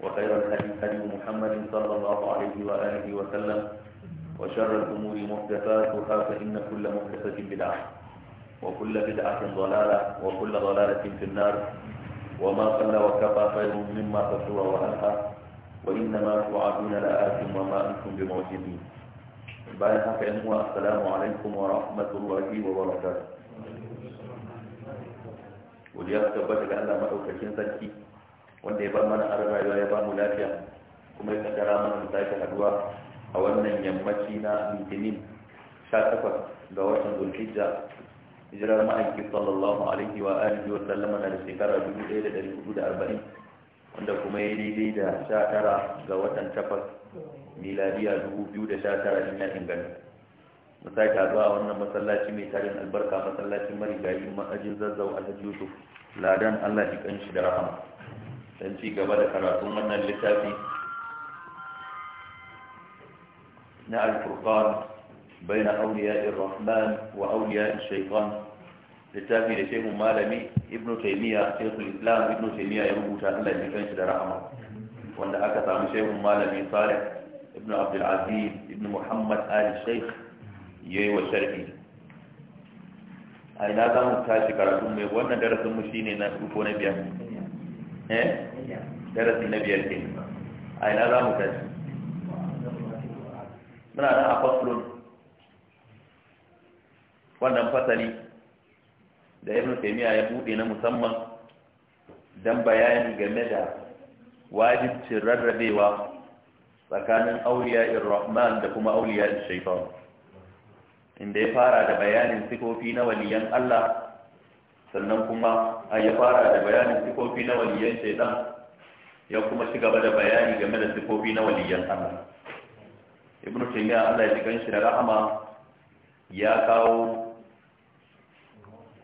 وخير الحديث حديث محمد صلى الله عليه وآله وسلم وشر الأمور محدثاتها فإن كل محدثة بدعة وكل بدعة ضلالة وكل ضلالة في النار وما قل وكفى خير مما كثر وألقى وإنما توعدون لآت وما أنتم بمعجزين بعد حق السلام عليكم ورحمة الله وبركاته وليكتب بدل ألا مأوكشين تنكي wanda ya ba mana har rayuwa ya ba mu lafiya kuma ya kaddara mana sake haduwa a wannan yammaci na litinin 18 ga watan zulhijja hijirar ma'aiki sallallahu alaihi wa alihi wa sallama na da shekara 1440 wanda kuma ya daidai da 19 ga watan 8 miladiya 2019 ina inganta mu sake haduwa a wannan masallaci mai tarin albarka masallacin marigayi ma'ajin zazzau a yusuf ladan allah shi kanshi da rahama don ci gaba da karatun wannan littafi na alfurqan baina awliya ar-rahman wa awliya ash-shaytan littafi da shehu malami ibnu taymiya shaykhul islam ibnu taymiya ya rubuta Allah ya shi da rahama wanda aka samu shehu malami salih ibnu abdul aziz ibnu muhammad ali shaykh yayi wa sharhi a ina za mu tashi karatu mai wannan darasin mu shine na uku na biyar eh darasi na biyar ke a ina za mu tashi muna nan a wannan fasali da ibn miya ya buɗe na musamman don bayani game da wajibcin rarrabewa tsakanin auliya rahman da kuma auliya shaifan inda ya fara da bayanin sifofi na waliyan Allah sannan kuma a ya fara da bayanin sifofi na waliyan shaidan ya kuma ci gaba da bayani game da sifofi na waliyan Allah ibnu taymiya Allah ya jigan shi da rahama ya kawo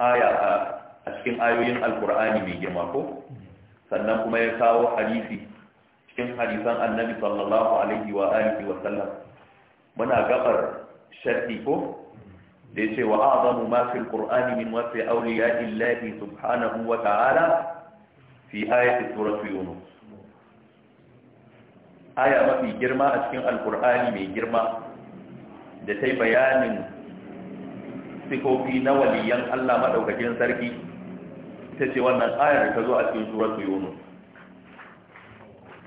aya a cikin ayoyin alkur'ani mai girma ko sannan kuma ya kawo hadisi cikin hadisan annabi sallallahu alaihi wa alihi wa sallam muna gabar sharhi ko da ya ce wa azamu ma fil qur'ani min wasfi awliya illahi subhanahu wa ta'ala fi ayati suratu yunus aya mafi girma a cikin alkur'ani mai girma da ta yi bayanin sikofi na waliyan Allah maɗaukacin sarki ita ce wannan ayar ta zo a cikin suratu yunus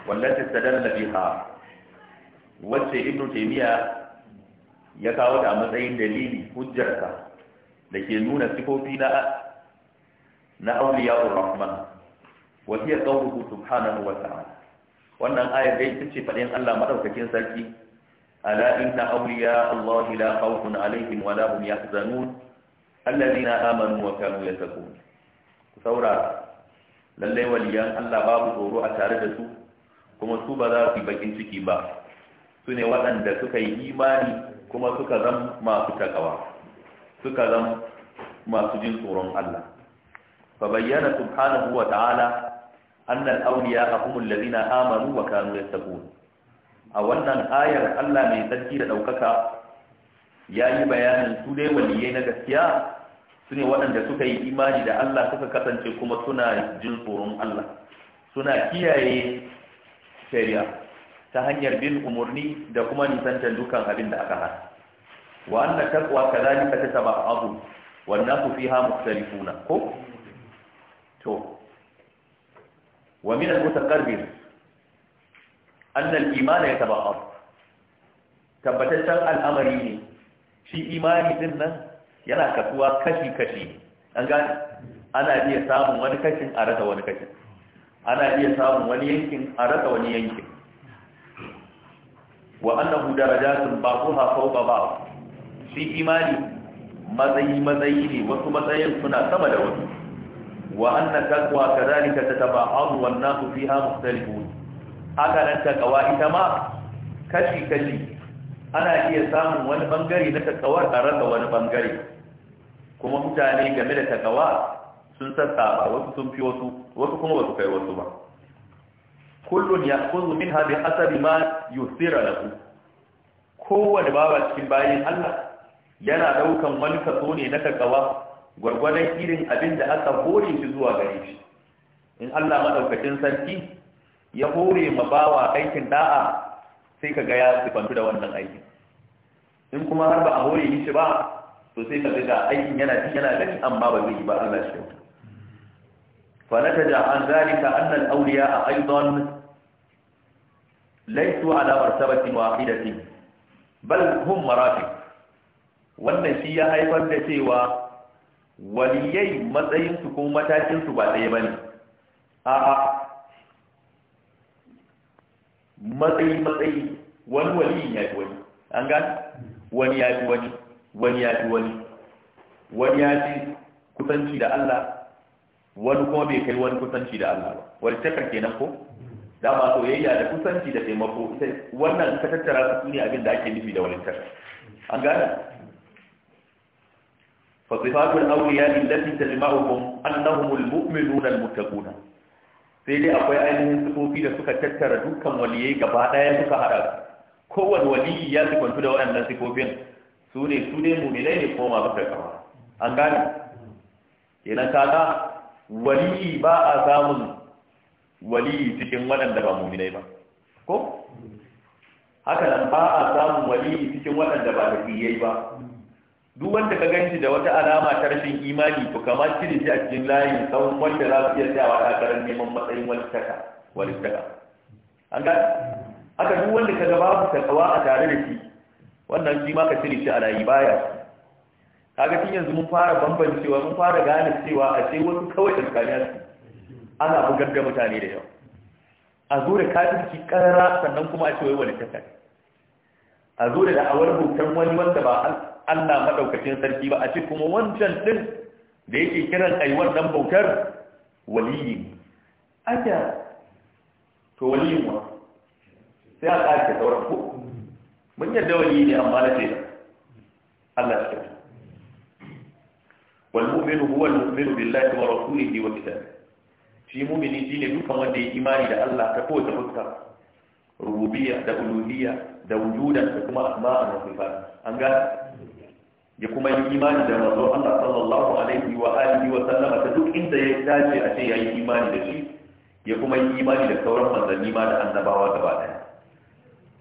wallata sadar da biha wacce ibnu taymiya ya kawo ta a matsayin dalili hujjarsa da ke nuna sifofi na na auliya rahman wa hiya qawluhu subhanahu wa ta'ala wannan ayar dai ita ce faɗin Allah maɗaukakin sarki ala inna awliya Allah la khawfun alaihim wa la hum yahzanun alladhina amanu wa kanu yattaqun ku saurara Lallai waliyan Allah babu tsoro a tare da su kuma su ba za su yi bakin ciki ba su ne waɗanda suka yi imani kuma suka zan masu takawa suka zan masu jin tsoron Allah fa bayyana subhanahu wa ta'ala anna ya awliya hum alladhina amanu wa kanu yattaqun a wannan ayar Allah mai tsarki da daukaka yayi bayanin su dai waliyai na gaskiya ne waɗanda suka yi imani da Allah suka kasance kuma suna jin tsoron Allah suna kiyaye shari'a ta hanyar bin umarni da kuma nisantar dukan abin da aka hana wa anna taqwa kadhalika tataba'u wan nasu fiha mukhtalifuna ko to wa min al-mutaqarrib anna al-iman abu. tabbataccen al'amari ne shi imani din nan yana kasuwa kashi kashi an gane ana iya samun wani kashin a rasa wani kashin ana iya samun wani yankin a rasa wani yankin wa annahu darajatun ba'dha fawqa ba'd shi imani matsayi matsayi ne wasu matsayin suna sama da wasu wa anna taqwa kadhalika tataba'adu wan nasu fiha mukhtalifun haka nan taqwa ita ma kashi kashi ana iya samun wani bangare na takawar a rasa wani bangare kuma mutane game da takawa sun sassaba wasu sun fi wasu wasu kuma wasu kai wasu ba kullun ya'khudhu minha bi hasabi ma yusira lahu kowane bawa cikin bayin Allah yana daukan wani kaso ne na kakawa gwargwadon irin abin da aka hore shi zuwa gare shi in Allah madaukakin sarki ya hore ma bawa aikin da'a sai ka ga ya sifantu da wannan aikin in kuma har ba a hore shi ba to sai ka ga aikin yana ci yana gani amma ba zai yi ba Allah shi fa nataja an zalika anna al-awliya aidan laisu ala martabati wahidati bal hum marafiq wannan shi ya haifar da cewa waliyai matsayin su ko matakin su ba ɗaya bane a'a matsayi matsayi wani wali ya fi wani an ga wani ya fi wani wani ya fi wani wani ya fi kusanci da Allah wani kuma bai kai wani kusanci da Allah ba wani takar kenan ko dama soyayya da kusanci da taimako Sai wannan ka tattara su ne abin da ake nufi da walintar an gane fa sifatul awliya allati tajma'uhum annahum almu'minuna almuttaquna sai dai akwai ainihin sifofi da suka tattara dukkan waliyai gaba daya suka hada kowane waliyi ya sifantu da waɗannan sifofin su ne su ne mu ne ko masu takawa an gane kenan kaga waliyi ba a samun wali cikin waɗanda ba muminai ba ko haka nan ba a samun wali cikin waɗanda ba da kiyai ba duk wanda ka ganci da wata alama ta rashin imani to kamar cire shi a cikin layin tsawon wanda za su iya tsayawa karan neman matsayin walistaka walistaka an ga haka duk wanda ka ga ta takawa a tare da shi wannan shi ma ka cire shi a layi baya kaga tun yanzu mun fara bambancewa mun fara gane cewa a ce wasu kawai tsakaniya su ana bugar da mutane da yau a zo da kafirci karara sannan kuma a cewa wani tattali a zo da da'awar bautan wani wanda ba Allah maɗaukacin sarki ba a ce kuma wancan ɗin da yake kiran ai wannan bautar waliyi ake to waliyin wa sai a ƙarfe sauran ko mun yarda waliyi ne amma na ce Allah shi wal mu'minu huwa al mu'minu billahi wa rasulihi wa kitabihi shi mumini ne dukkan wanda ya imani da Allah ta kowace fuska rububiya, da uluhiyya da wujudan da kuma asma'a wa sifat an ga ya kuma yi imani da manzo Allah sallallahu alaihi wa alihi wa sallama ta duk inda ya dace a ce yayi imani da shi ya kuma yi imani da sauran manzanni ma da annabawa gaba daya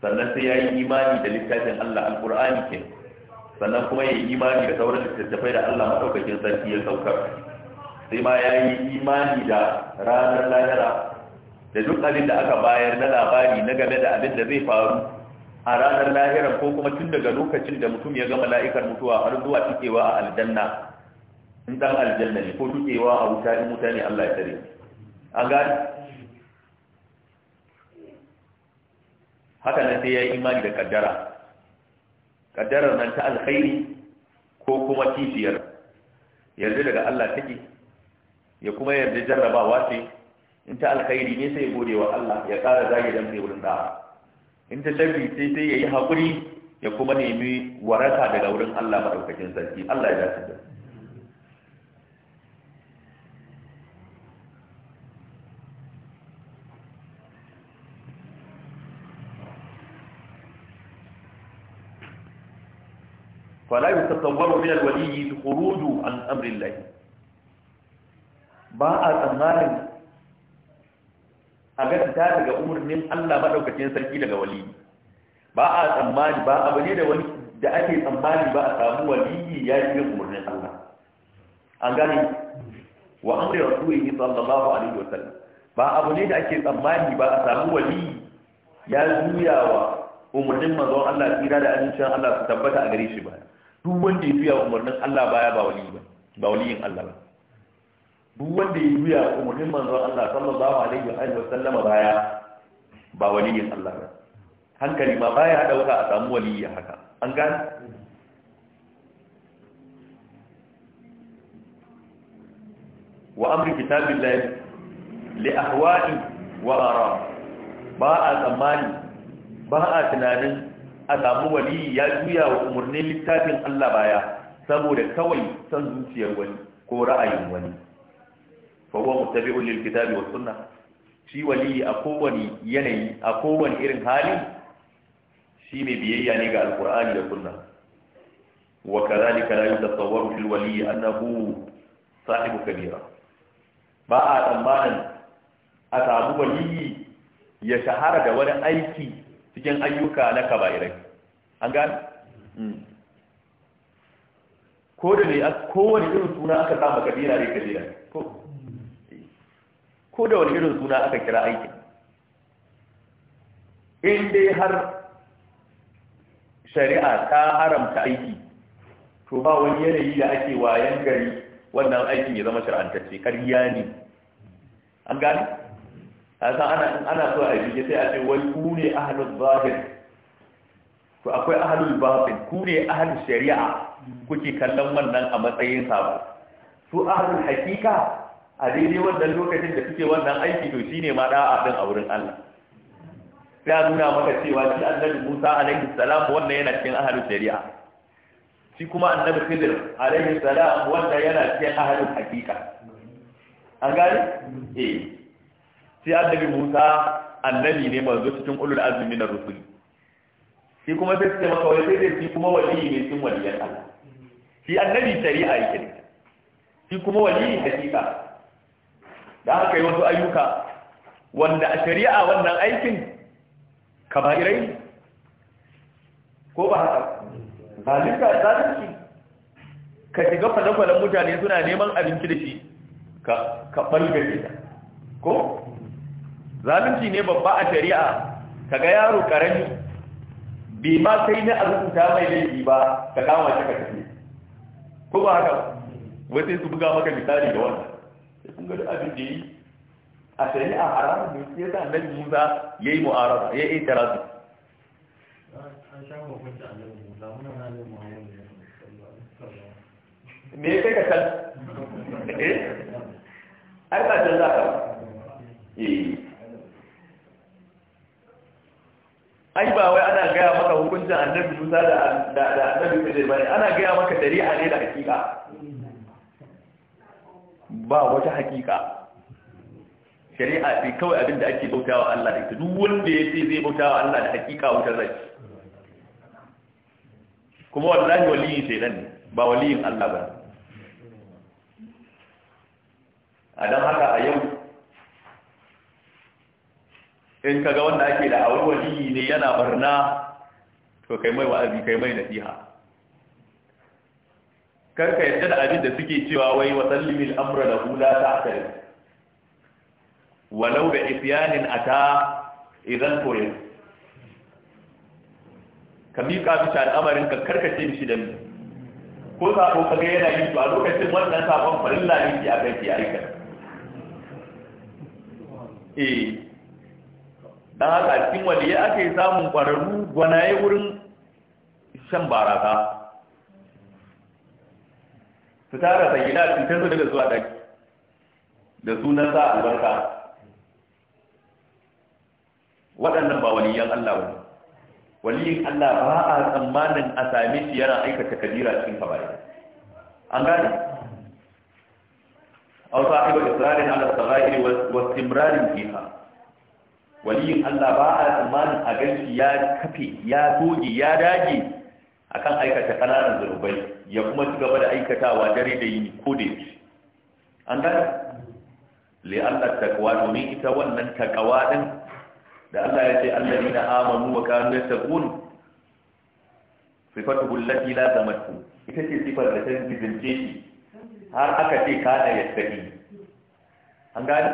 sannan sai yayi imani da littafin Allah alqur'ani ke sannan kuma yayi imani da sauran littattafai da Allah madaukakin sarki ya saukar sai ma ya yi imani da ranar lahira da duk abin da aka bayar na labari na game da abin da zai faru a ranar lahira ko kuma tun daga lokacin da mutum ya ga mala'ikar mutuwa har zuwa tukewa a aljanna in dan aljanna ne ko tukewa a wuta in wuta ne Allah ya tare an gani haka nan sai ya yi imani da kaddara kaddarar nan ta alkhairi ko kuma kishiyar yanzu daga Allah take ya kuma yarda jarrabawa ce in ta alkhairi ne sai gode wa Allah ya ƙara zage dan sai wurin da'a in ta sharri sai sai yayi hakuri ya kuma nemi waraka daga wurin Allah madaukakin sarki Allah ya dace da فلا يتصور من الولي الخروج عن امر الله ba a tsammanin a ga ta daga umarnin Allah maɗaukacin sarki daga wali ba a tsammani ba abu ne da wani da ake tsammani ba a samu waliyi ya yi umarnin Allah an gani. wa amri rasulihi sallallahu alaihi wasallam ba abu ne da ake tsammani ba a samu waliyi ya juya wa umarnin manzon Allah tsira da abincin Allah su tabbata a gare shi ba duk wanda ya juya umarnin Allah baya ba wali ba ba waliyin Allah ba duk wanda ya juya umarnin manzon Allah sallallahu alaihi wa sallama baya ba waliyin Allah ba hankali ma baya hada wata a samu waliyi haka an gane wa amri kitabillahi li ahwa'i wa ara ba a tsammani ba a tunanin a samu waliyyi ya juya wa umarnin littafin Allah baya saboda kawai son zuciyar wani ko ra'ayin wani fa huwa muttabi'un lil kitabi was sunnah shi wali a kowane yanayi a kowane irin hali shi mai biyayya ne ga alkur'ani da sunna wa kadhalika la yatasawwaru fil wali annahu sahibu kabira ba a tsammanin a ya shahara da wani aiki cikin ayyuka na kabairai hmm. ko da ne kowane irin suna aka samu kabila ne ko ko da wani irin suna aka kira aikin in dai har shari'a ta haramta aiki to ba wani yanayi da ake wayan gari wannan aikin ya zama shari'antacce ƙarya ne an gani a san ana so a yi sai a ce wai ku ne zahir to akwai ahalin zahir kune ne shari'a kuke kallon wannan a matsayin sabo su ahalin hakika a daidai wannan lokacin da suke wannan aiki to shine ma da'a din a wurin Allah ya nuna maka cewa shi annabi Musa alaihi salam wannan yana cikin ahlul shari'a shi kuma annabi Khidir alaihi salam wannan yana cikin ahlul hakika an gani eh sai annabi Musa annabi ne manzo cikin ulul azmi na rusul shi kuma sai suke maka wai sai shi kuma wali ne cikin waliyan Allah shi annabi shari'a yake shi kuma wali hakika da aka yi wasu ayyuka wanda a shari'a wannan aikin ka irai ko ba haka zalika zarki ka shiga fadafalan mutane suna neman abinci da shi ka ɓalgare ta ko zalunci ne babba a shari'a ga yaro karami bai ma sai na azuta mai laifi ba ka kama shi ka tafi ko ba haka wasu su buga maka misali da wannan da sun gado abin da yi a sayi a haramun ne ya sa annabi musa ya yi mu'arara ya yi tarazu me ya kai ka can eh ai ba can za ka eh ai ba wai ana gaya maka hukuncin annabi musa da annabi kudai ba ne ana gaya maka dari a ne da hakika ba wata hakika shari'a sai kawai abinda da ake bautawa Allah da ita duk wanda ya ce zai bautawa Allah da hakika wutar rai kuma wallahi waliyin shaidan ne ba waliyin Allah ba a don haka a yau in kaga wanda ake da awar waliyi ne yana barna to kai mai wa'azi kai mai nasiha kar ka yarda da abin da suke cewa wai wa sallimi al'amra da hula ta akari walau da a ta idan koya ka miƙa bisa al'amarin ka karkace shi da mu ko sako ka ga yana yin su a lokacin wannan sakon farilla ne ke a kai ke aika eh dan haka cikin ya ake samun ƙwararru gwanaye wurin shan barasa su tara da gida su tanzu daga zuwa daki da sunan sa albarka waɗannan ba waliyan Allah ba waliyin Allah ba a tsammanin a sami shi yana aikata kabira cikin kabari an gane aw sahibu israrin ala sarairi wa istimrarin fiha waliyin Allah ba a tsammanin a ganshi ya kafe ya goge, ya dage akan aikata kananan zurbai ya kuma ci gaba da aikatawa dare da yini ko da yake an gane li'anna takwa domin ita wannan takawa din da Allah ya ce na amanu wa kanu yattaqun sifatu allati la tamattu ita ce sifar da ta zince shi har aka ce yadda yattaqi an gane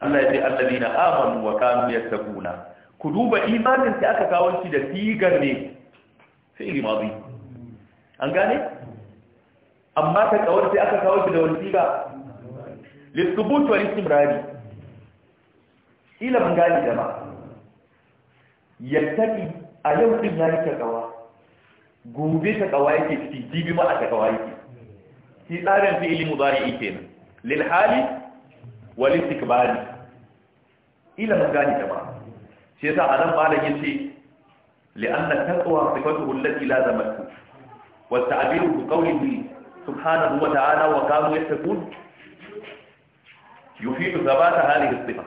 Allah ya ce na amanu wa kanu yattaquna ku duba imanin ta aka kawo shi da sigar ne fi'il madi an gane amma ta kawar sai aka kawo shi da wani siga lisubut wa istimrari ila mun gane jama'a yattaki a yau din yayi ta kawa gobe ta kawa yake ciki jibi ma a ta kawa yake shi tsarin fi'il mudari kenan lil hali wal istikbari ila mun gane jama'a Sai a nan shi yasa anan malam yace li'anna taqwa sifatuhu allati la zamat wa ta'biru bi qawlihi subhanahu wa ta'ala wa kanu yattaqun yufidu ta hali da sifa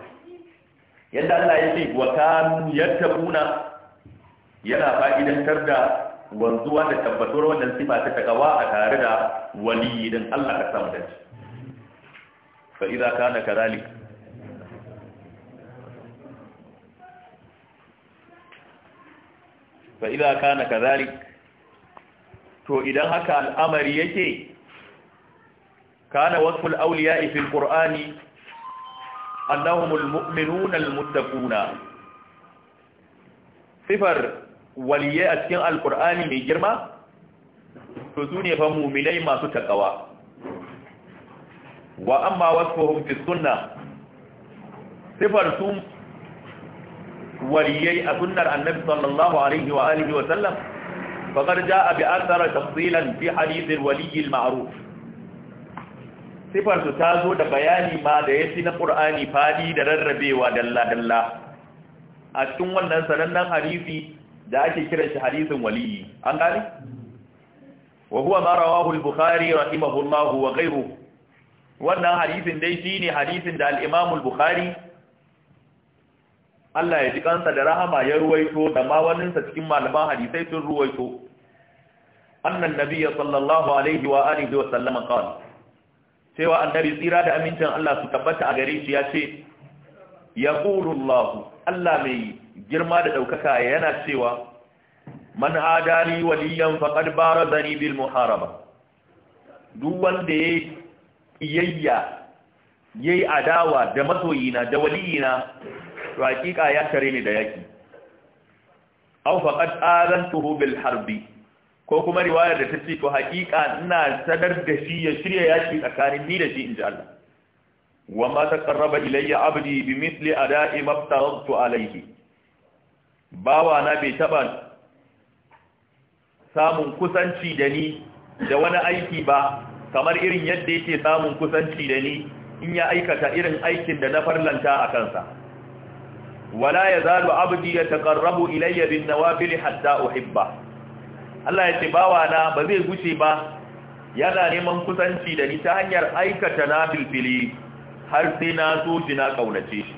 yadda Allah ya ce wa kanu yattaquna yana fa'idantar da wanzuwa da tabbatuwar wannan sifa ta takawa a tare da waliyi idan Allah ka samu dace fa idza kana kadhalika fa idza kana kadhalik to idan haka al'amari yake kana wasful awliya'i fil qur'ani annahum almu'minuna almuttaquna sifar waliye a cikin alqur'ani mai girma to su ne fa mu'minai masu takawa wa amma wasfuhum fi sunna sifar su waliyai a sunnar annabi sallallahu alaihi wa wa sallam faqad jaa bi athara tafsilan fi hadith al-waliy al-ma'ruf sifar ta zo da bayani ma da yafi na Kur'ani faɗi da rarrabewa dalla dalla a cikin wannan sanannen hadisi da ake kiran shi hadisin waliyi an gane wa wa wannan hadisin dai shine hadisin da al-imam Allah ya ji kansa da rahama ya ruwaito da ma waninsa cikin malaman hadisai sun ruwaito annan nabiyya sallallahu alaihi wa alihi wa sallama cewa annabi tsira da amincin Allah su tabbata a gare shi ya ce yaqulu Allah Allah mai girma da ɗaukaka yana cewa man adali waliyan bara zani bil muharaba duk wanda ya yayi adawa da masoyina da waliyina to hakika ya tare ni da yaki aw faqad azantuhu bil harbi ko kuma riwayar da ta ce to hakika ina sadar da shi ya shirya yaki tsakanin ni da shi in ji Allah wa ma taqarraba ilayya abdi bi mithli ada'i ma aftaradtu alayhi bawa na bai taɓa samun kusanci da ni da wani aiki ba kamar irin yadda yake samun kusanci da ni in ya aikata irin aikin da na farlanta a kansa wala ya zalu abdi ya taqarrabu ilayya bin nawafil hatta uhibba Allah ya ce bawa na ba zai guce ba yana neman kusanci da ni ta hanyar aikata nafilfili har sai na so ji na kaunace shi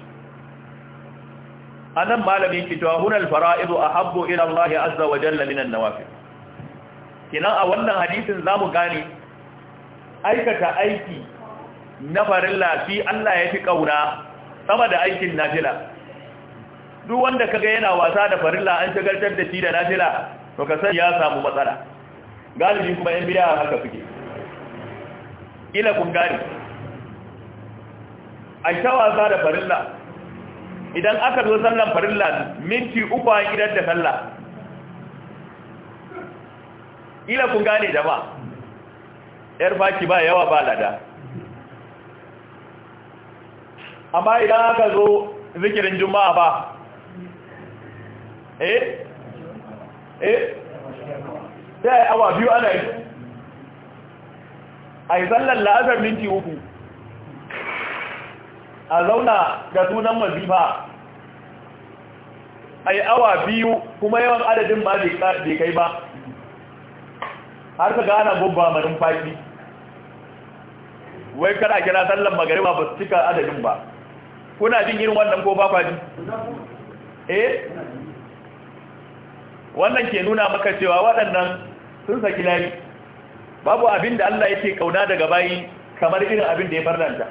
anan malamin kitwa hunal fara'idu ahabbu ila Allah azza wa jalla min an-nawafil kinan a wannan hadisin zamu gane aikata aiki na farin lafi Allah ya fi ƙauna sama da aikin nafila duk wanda kaga yana wasa da farin farilla an shagaltar da shi da nafila to ka sani ya samu matsala galibi kuma yan biya haka suke ila kun gani A ta wasa da farin la, idan aka zo sallan farin farilla minti uku a gidan da sallah ila kun gane jama'a yar faki ba yawa ba lada amma idan aka zo zikirin juma'a ba eh eh sai awa biyu ana yi a yi sallar la'azar minti uku a zauna ga sunan Mazifa. a yi awa biyu kuma yawan adadin ba bai kai ba har ka gana gubba marin faɗi. wai kada kira sallar magariba ba su cika adadin ba kuna jin irin wannan ko ba kwa ji eh wannan ke nuna maka cewa waɗannan sun saki layi babu abin da Allah yake kauna daga bayi kamar irin abin da ya farlanta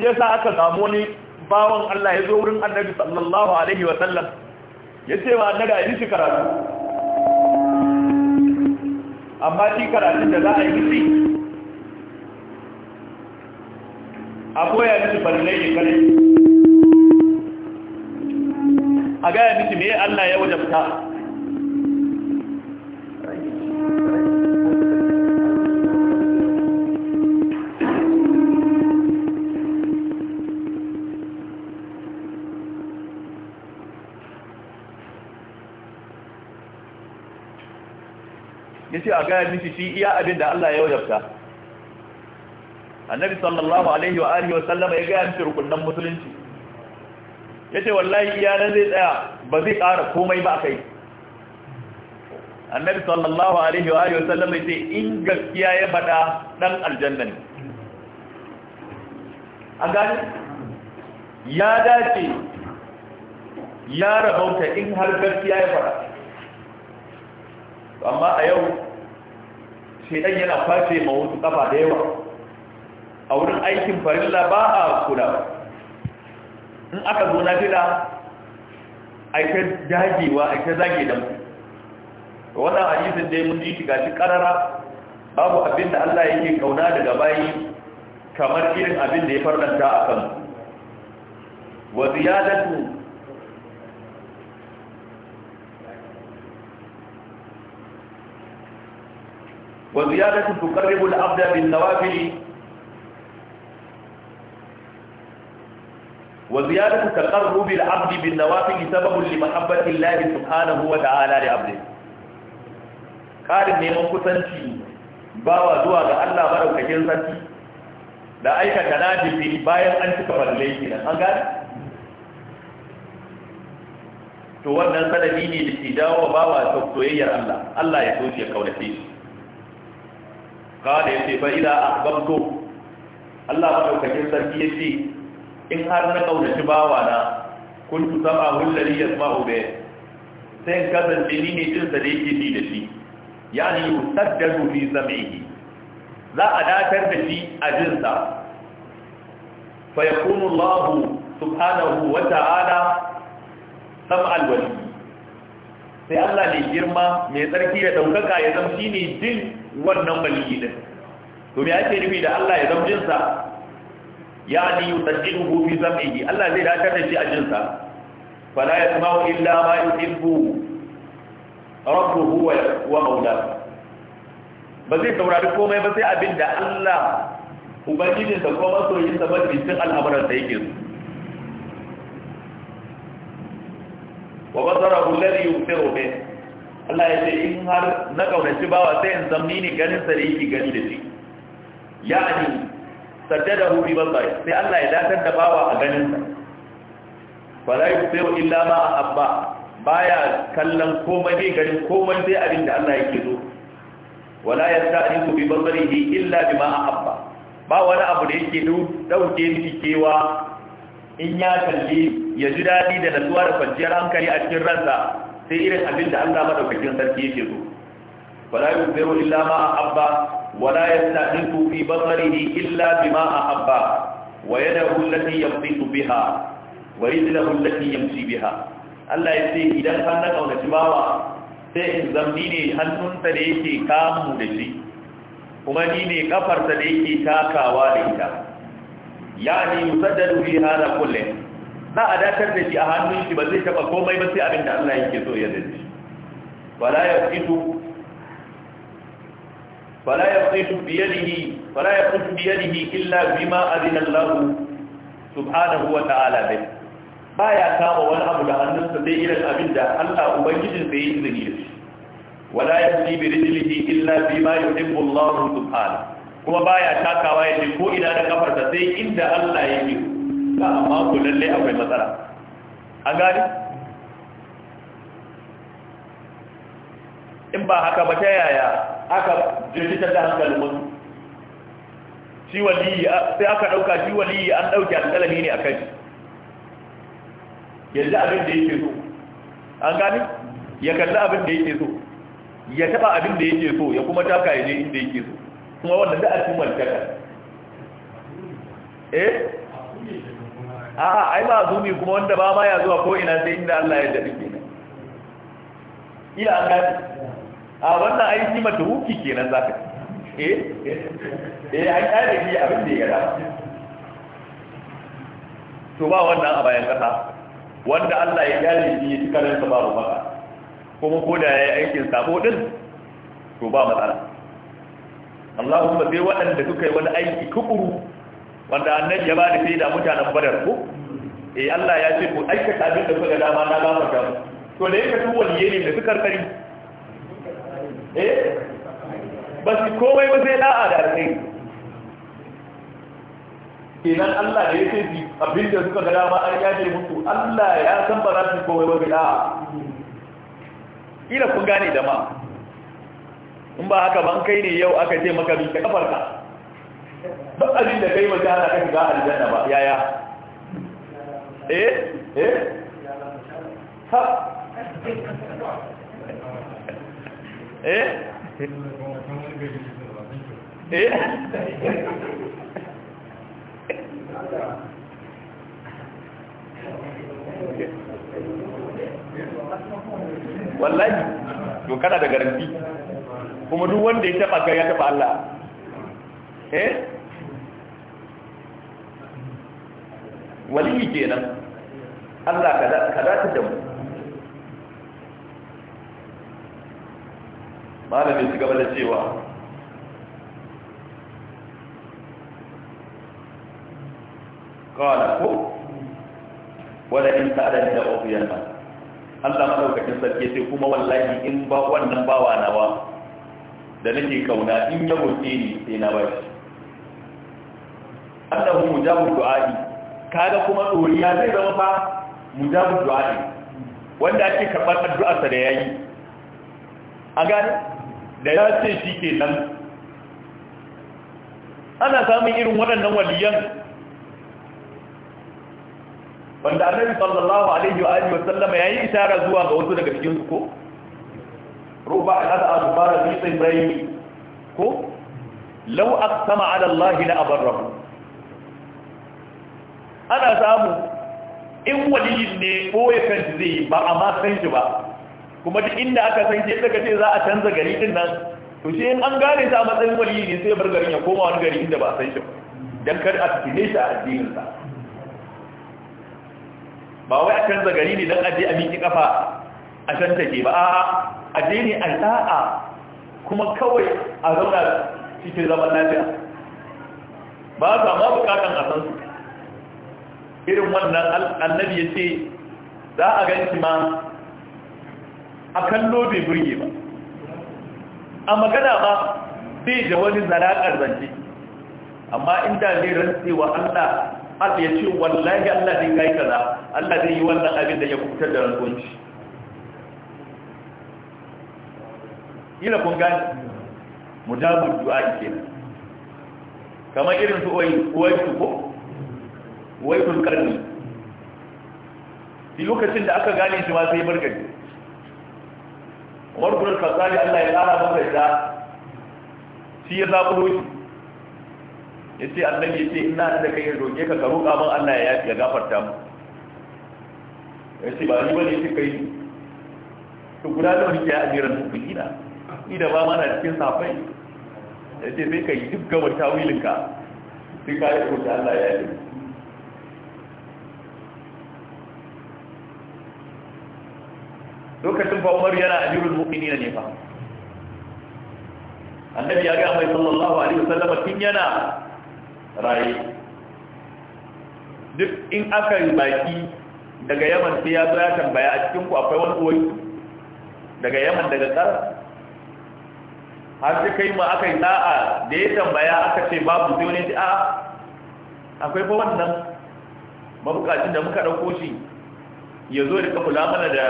yasa aka samu ni bawan Allah ya zo wurin Annabi sallallahu alaihi wa sallam ya ce wa Annabi yi shi karatu amma shi karatun da za a yi shi a koya miki farillai ne kare a gaya miki me Allah ya wajabta ya ce a gaya miki shi iya abin da Allah ya wajabta annabi sallallahu alaihi wa alihi wa sallama ya gaya mishi rukunnan musulunci yace wallahi iyana zai tsaya ba zai ƙara komai ba kai annabi sallallahu alaihi wa alihi wa sallama yace in gaskiya ya bada dan aljanna ne a gani ya dace ya rabauta in har gaskiya ya faɗa amma a yau shedan yana face ma wasu kafa da yawa a wurin aikin farilla ba a kula in aka zo na fila a ta dagewa a ta zage da mu wannan hadisin dai mun ji shiga shi karara babu abin da Allah yake kauna daga bayi kamar irin abin da ya farlanta a kan wa ziyadatu wa ziyadatu tuqarribu al-abda bin nawafil وزيادة تقرب العبد بالنوافل سبب لمحبة الله سبحانه وتعالى لعبده قال نيمان كسنتي باوا زوا ga Allah madaukakin sarki da aikata najibi bayan an cika farlai kenan an gane to wannan sanadi ne da ke dawo bawa soyayyar Allah Allah ya so ya shi قال يا fa ila ahbabtu Allah madaukakin sarki yace in har na kaunaci bawa na kun kuntu sama hullari ya sama ube sai kasance ni ne jin sa da yake ji da shi yani yusaddadu fi sam'ihi za a datar da shi a jin sa fa yakunu Allah subhanahu wa ta'ala sam'al wali sai Allah ne girma mai tsarki da daukaka ya zama shi ne jin wannan waliyi din to me ake nufi da Allah ya zama jin sa yani yutaqiduhu fi sam'ihi Allah zai dakatar da shi a jinsa fala yasma'u illa ma yuhibbu rabbuhu wa wa maulahu ba zai saurari komai ba sai abinda Allah ubangijin da kuma masoyin sa majalisin al'amuran da yake su wa basara alladhi yusiru bi Allah ya ce in har na kaunaci bawa sai in zamni ne ganin sa da yake gani da shi ya'ani sajjadahu bi basari sai Allah ya datar da bawa a ganin sa fala yusiru illa ma ba baya kallon komai bai ganin komai sai abin da Allah yake so wala yasta'nisu bi basarihi illa bima Abba. ba wani abu da yake dauke miki kewa in ya kalli ya ji daɗi da natsuwa da kwanciyar hankali a cikin ransa sai irin abin da Allah madaukakin sarki yake so فلا يبصر إلا ما أحب ولا يستأنس في بصره إلا بما أحب ويده التي بها ورجله التي يمشي بها Allah ya ce idan har na kaunaci bawa sai in ne hannunsa da yake kamu da shi kuma ni ne kafarsa da yake takawa da ita ya ne musaddadu fi hada kullum na a datar da shi a hannun shi ba zai taba komai ba sai abin da Allah yake so ya da shi wala ya fito فلا يبطش بيده فلا يبطش بيده إلا بما أذن الله سبحانه وتعالى به baya kama wani abu da hannunsa sai irin abin da Allah ubangijin sai yi izini da shi wala yasli bi rijlihi illa bima yuhibbu Allah subhanahu kuma baya takawa yace ko ina da kafarsa sai inda Allah ya yi ba amma ku lalle akwai matsala an gani in ba haka ba ta yaya aka jirgitar da hankali wasu shi waliyi sai aka ɗauka shi waliyi an a alƙalami ne a kai yanzu abin da yake so an gani ya kalli abin da yake so ya taɓa abin da yake so ya kuma taka ya je inda yake so kuma wanda da a tumar taka eh a'a ai ba zumi kuma wanda ba ma ya zuwa ko ina sai inda Allah ya daɗi kenan ila an gani a wannan aiki mata huki kenan za ka eh eh an kare shi abin da ya gada to ba wannan a bayan kasa wanda Allah ya kare shi ya ci karansa babu maka kuma ko da yayi aikin sabo din to ba matsala Allahumma sai waɗanda suka yi wani aiki kukuru wanda annabi ya ba da sai da mutanen Badar ko eh Allah ya ce ku aikata abin da kuka dama na gafarta to da yake su waliye ne da suka karkari eh ba su komai ba sai da'a da alkhairi kenan Allah da ya ce abin da suka ga dama an yaje musu Allah ya san ba za su komai ba bi da'a kun gane da ma in ba haka ban kai ne yau aka ce maka bi ka kafarka ba abin da kai mata ana ka shiga aljanna ba yaya eh eh ha Eh? Eh? wallahi to kada da garanti kuma duk wanda ya taba ga ya taba Allah eh wali kenan Allah ka dace ta damu. malamin su gaba da cewa kawai ko wadda in ta'adar da ofiyar ba allah maɗaukakin sarki sai kuma wallahi in ba wannan bawa na ba da nake kauna in ya roƙe ni sai na ba shi mu mujabu du'a'i kaga kuma ɗoriya zai zama ba ja mu du'a'i wanda ake karɓar addu'arsa da yayi a gane da ya ce shi ke nan ana samun irin waɗannan waliyan wanda annabi sallallahu alaihi wa alihi wasallama yayi isara zuwa ga wasu daga cikin su ko ruba al-adab bara bi ibrahim ko law aqsama ala allahi la abarrahu ana samu in waliyin ne boye kan zai ba amma san shi ba kuma duk inda aka san ke daga ce za a canza gari din nan to shi an gane ta a matsayin waliyi ne sai bar garin ya koma wani gari inda ba a san shi ba dan kar a fitine shi a addinin sa ba wai a canza gari ne dan aje a miki kafa a can take ba a'a addini sa'a. kuma kawai a zauna cikin zaman lafiya ba sa ma bukatan a san su irin wannan annabi ya ce za a gan shi ma a kallo bai burge ba a magana ba bai da wani zaraƙar zance amma inda zai rantsewa Allah Allah ya ce wallahi Allah zai kai kaza Allah zai yi wannan abin da ya kubutar da rantsuwanci ila kun Mu mujabul du'a nan kamar irin su wai wai su ko wai kun karni lokacin da aka gane shi ma sai barkaci umar bin al-khattab Allah ya tsara masa da shi ya zabo shi yace annabi yace ina da kai roke ka ka roƙa min Allah ya ya gafarta mu yace ba ni bane shi kai to guda da wani ya amiran mu'minina ni da ba mana cikin safai yace sai kai duk gabar tawilinka sai ka yi roƙi Allah ya yi lokacin ba Umar yana amirul mu'minina ne fa annabi ya ga mai sallallahu alaihi wasallam tun yana raye duk in aka yi baki daga Yaman sai ya zo ya tambaya a cikin ku akwai wani uwai daga Yaman daga tsara. har sai kai ma aka yi da'a da ya tambaya aka ce babu sai wani a akwai fa wannan mabukacin da muka dauko shi ya zo da kafula mana da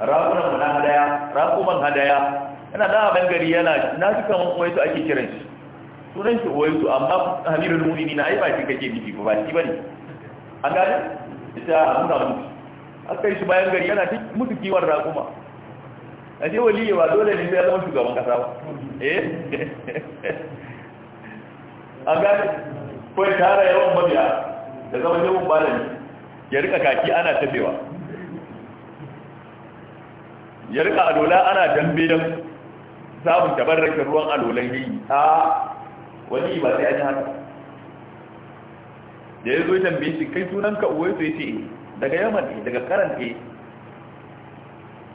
rakunan mu hadaya rakuman hadaya yana da ban gari yana na suka kaman su ake kiran shi sunan shi su. amma ne na ai ba shi kake nufi ba shi bane an gane ita an ga mutu akai shi bayan gari yana ta mutu kiwon rakuma a ce wali yawa dole ne sai ya zama shugaban kasa ba eh an gane ko ya tara yawan mabiya da zama yawan balani ya rika kaki ana tabewa ya rika alola ana dambe dan samun tabarrakin ruwan alolan yi a wani ba sai an haka da ya zo ya tambaye shi kai sunanka uwai su ce daga yaman ne daga karan ne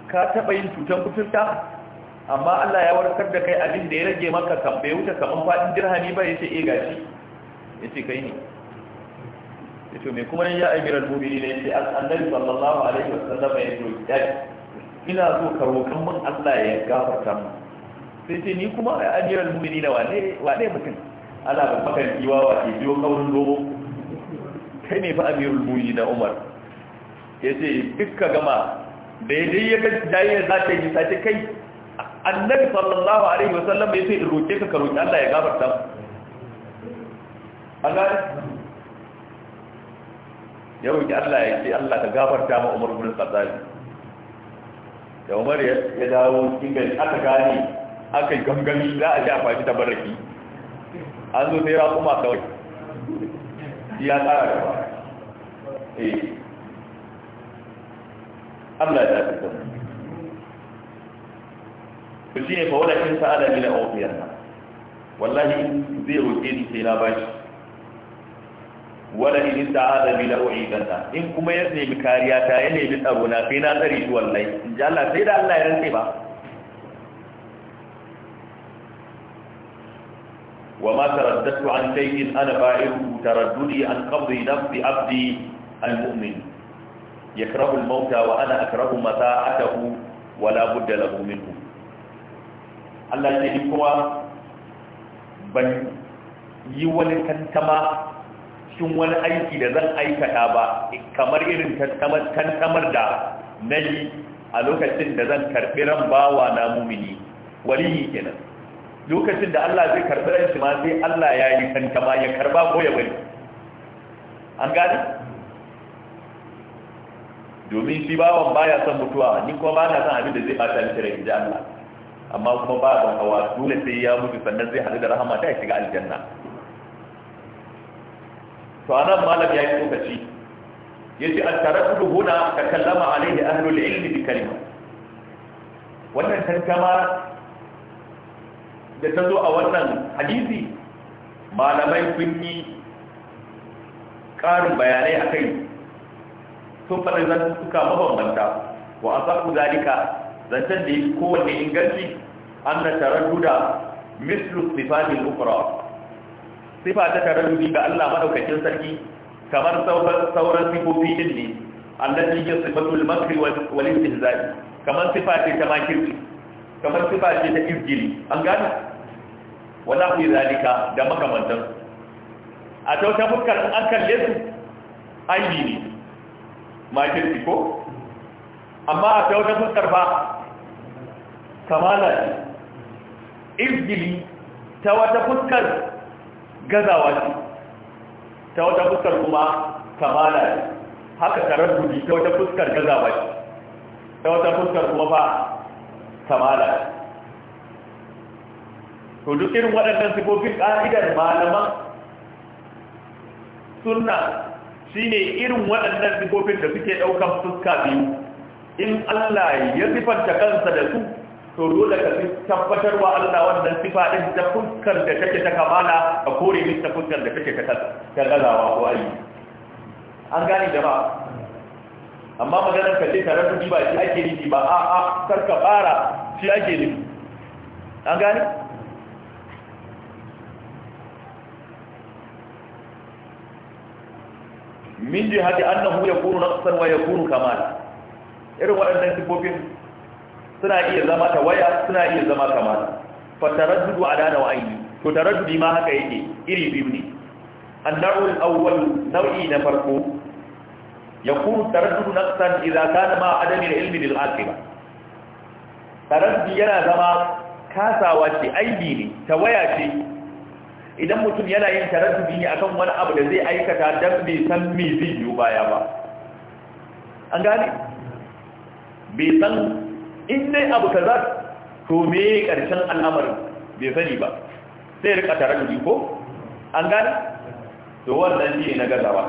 ka taɓa yin cutan kuturta amma Allah ya warkar da kai abin da ya rage maka kan wuta wuce kaman faɗin dirhami ba yace eh gashi yace kai ne yace me kuma ya amiral mu'minin ne yace annabi sallallahu alaihi wasallam ya yi ina so ka roƙon mun Allah ya gafarta mu sai ce ni kuma a ajiyar mumini na wane wane mutum ana da fakan iwa wa ke biyo kaurin dogo kai ne fa amirul mumini na Umar Ya duk dukka gama daidai ya kai dai za ta yi sace kai annabi sallallahu alaihi wasallam ce in roƙe ka ka roki Allah ya gafarta mu Allah ya roƙi Allah ya ce Allah ka gafarta mu Umar bin Khattab da umar ya dawo cikin aka gane aka gangami za a shafa shi ta baraki an zo sai raƙuma kawai ya tsara da ba eh Allah ya ta sun ku shi ne fa wadatun sa'ala mina ofiyar wallahi zai roƙe ni sai na bashi wala in ta'ada bi la'idata in kuma ya nemi kariya ta ya nemi tsaro na sai na tsare shi wallahi in ji Allah sai da Allah ya rantse ba wa ma taraddatu an shay'in ana ba'iru taraddudi an qabdi nafsi abdi al-mu'min yakrahu al-mauta wa ana akrahu mata'atahu wa la budda lahu minhu Allah ce ni kuma ban yi wani tantama cikin wani aiki da zan aikata ba kamar irin tantamar da na yi a lokacin da zan karɓi ran bawa na mumini yi kenan lokacin da Allah zai karɓi ran shi ma sai Allah ya yi tantama ya karɓa ko ya bari an gani domin shi bawan baya son mutuwa ni kuma ba na son abin da zai bata mishi rai ji Allah amma kuma ba ban hawa dole sai ya mutu sannan zai haɗu da rahama ta shiga aljanna to nan malam ya yi tsokaci ya ce a tarakudu huna ta kallama alaihi ahlul ilmi bi kalima wannan tantama da ta zo a wannan hadisi malamai sun yi ƙarin bayanai a kai sun faɗi zan suka mabambanta wa a saku zalika zancen da ya kowanne inganci an na tarar duda mislu sifatin ukura sifa ta tararrubi ga Allah madaukakin sarki kamar sauran sifofi din ne allati Sifatu sifatul makri wal istihza'i kamar sifa ce ta makirci kamar sifa ce ta ifjili, an gane wala fi zalika da makamantan a tauta fuskar an kalle su aibi ne makirci ko amma a tauta fuskar ba kamala ne izgili ta wata fuskar gazawa ce ta wata fuskar kuma kamala ce haka taraddudi ta wata fuskar gazawa ce ta wata fuskar kuma ba kamala ce to duk irin waɗannan sifofin ƙa'idar malaman sunna ne irin waɗannan sifofin da suke ɗaukar fuska biyu in Allah ya sifanta kansa da su to dole ka tabbatar wa Allah wannan sifa din da fuskar da take ta kamala ka kore mista fuskar da take ta ta gazawa ko ayi an gane jama'a amma maganar ka ce tare da ba shi ake nufi ba a a kar ka fara shi ake nufi an gane min ji jihati annahu yakunu naqsan wa yakunu kamala irin waɗannan sifofin suna iya zama ta waya suna iya zama kamata fa taraddudu ala wa aini to taraddudi ma haka yake iri biyu ne annarul awwal nau'i na farko yakunu taraddudu naqsan idza kana ma adami al-ilmi lil akhirah taraddudi yana zama kasawa ce aibi ne ta waya ce idan mutum yana yin taraddudi ne akan wani abu da zai aikata dan bai san me zai yi baya ba an gane bai san in dai abu za to me karshen al'amarin bai sani ba sai rika tare da ko an gane to wannan shi na gazawa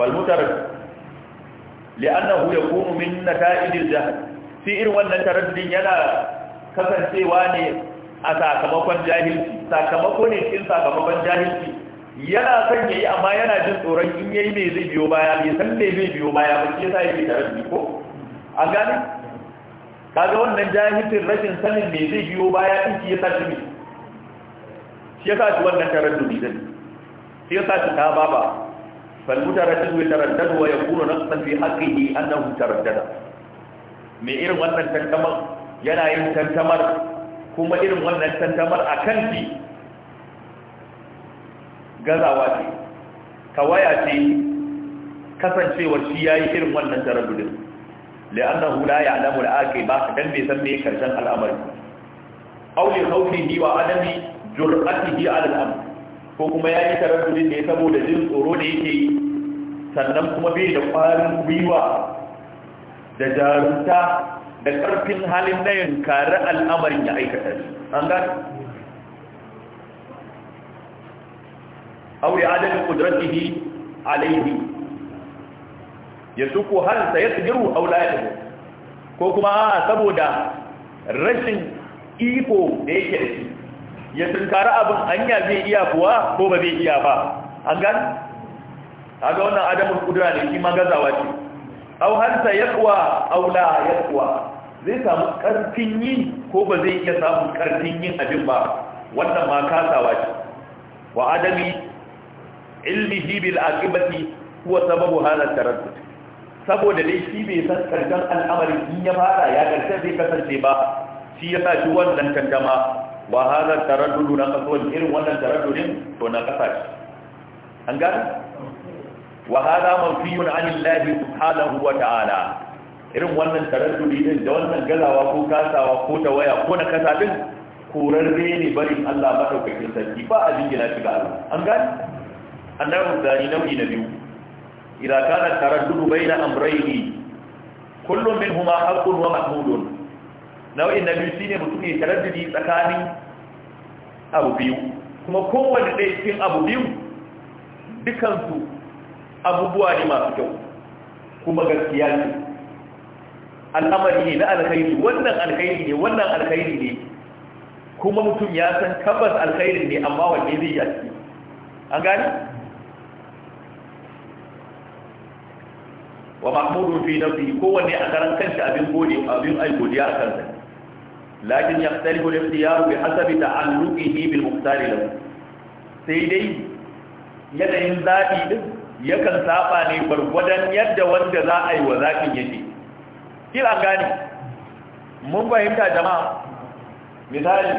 falmutar li'annahu yakunu min nata'idil jahl fi irin wannan taraddudin yana kasancewa ne a sakamakon jahilci sakamako ne cikin sakamakon jahilci yana son ya yi amma yana jin tsoron in yayi mai zai biyo baya bai san me zai biyo baya ba ke sa yake tare da ko An gane kaga wannan jahilin rashin sanin me zai biyo baya din ki yasa shi shi yasa shi wannan taraddudi din shi yasa shi ta baba fal mutaraddid wa taraddad wa yakunu naqsan fi haqqihi annahu taraddada me irin wannan tantamar yana yin tantamar kuma irin wannan tantamar akan shi gazawa ce kawaya ce kasancewar shi ya yi irin wannan taraddudin da aka yi ba ka dan bai san me karshen al'amari aure li khawfihi wa adami jur'atihi 'ala al'am ko kuma yayi taraddudin ne saboda jin tsoro da yake yi sannan kuma bai da kwarin gwiwa da jarumta, da karfin halin na yankari al'amarin ya aikata shi an ga aw i'adatu qudratihi alayhi yasuku hal sayasbiru aw la yasbiru ko kuma a saboda rashin iko da yake da shi ya tunkari abin anya zai iya kuwa ko ba zai iya ba an gani kaga wannan adamun kudura ne shi gazawa ce aw hanta yaqwa aw la yaqwa zai samu karfin yi ko ba zai iya samu karfin yin abin ba wannan ma kasawa ce wa adami ilmihi bil aqibati huwa sababu hadha taraddud saboda dai shi bai san karshen al'amari in ya fara ya karshe zai kasance ba shi ya sa shi wannan tantama wa hadha taraddud na kasuwan irin wannan taraddudin to na kasa an gane wa hadha manfiyun an Allah subhanahu wa ta'ala irin wannan taraddudi din da wannan gazawa ko kasawa ko tawaya ko na kasa din korarre ne barin Allah madaukakin sarki ba a jingina shi ga Allah an gane annahu gani nau'i na biyu idan kana taraddudu baina amrayni kullum minhuma haqqun wa mahmudun nau'in na biyu shine mutum ya taraddudi tsakanin abu biyu kuma kowanne dai cikin abu biyu su abubuwa ne masu kyau kuma gaskiya ne al'amari ne na alkhairi wannan alkhairi ne wannan alkhairi ne kuma mutum ya san tabbas alkhairi ne amma wanne zai yi a ciki an gani wa mahmudun fi nafsi kowanne a karan kanshi abin gode abin ai godiya a kansa lakin yaxtalifu al-ikhtiyar bi hasabi ta'alluqihi bil muhtar lahu sai dai yanayin zabi din yakan saba ne gwargwadon yadda wanda za a yi wa zakin yake kila gani mun fahimta jama'a misali